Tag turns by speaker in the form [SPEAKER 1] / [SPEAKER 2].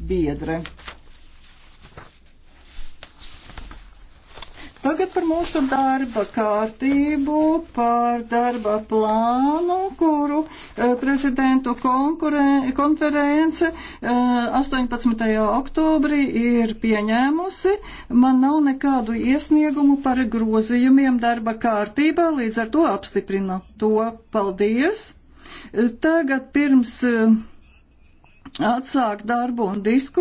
[SPEAKER 1] biedre. Tagad par mūsu darba kārtību, par darba plānu, kuru eh, prezidentu konference eh, 18. oktobrī ir pieņēmusi. Man nav nekādu iesniegumu par grozījumiem darba kārtībā, līdz ar to apstiprinu to. Paldies! Eh, tagad pirms. Eh, atsākt darbu
[SPEAKER 2] un diskusiju.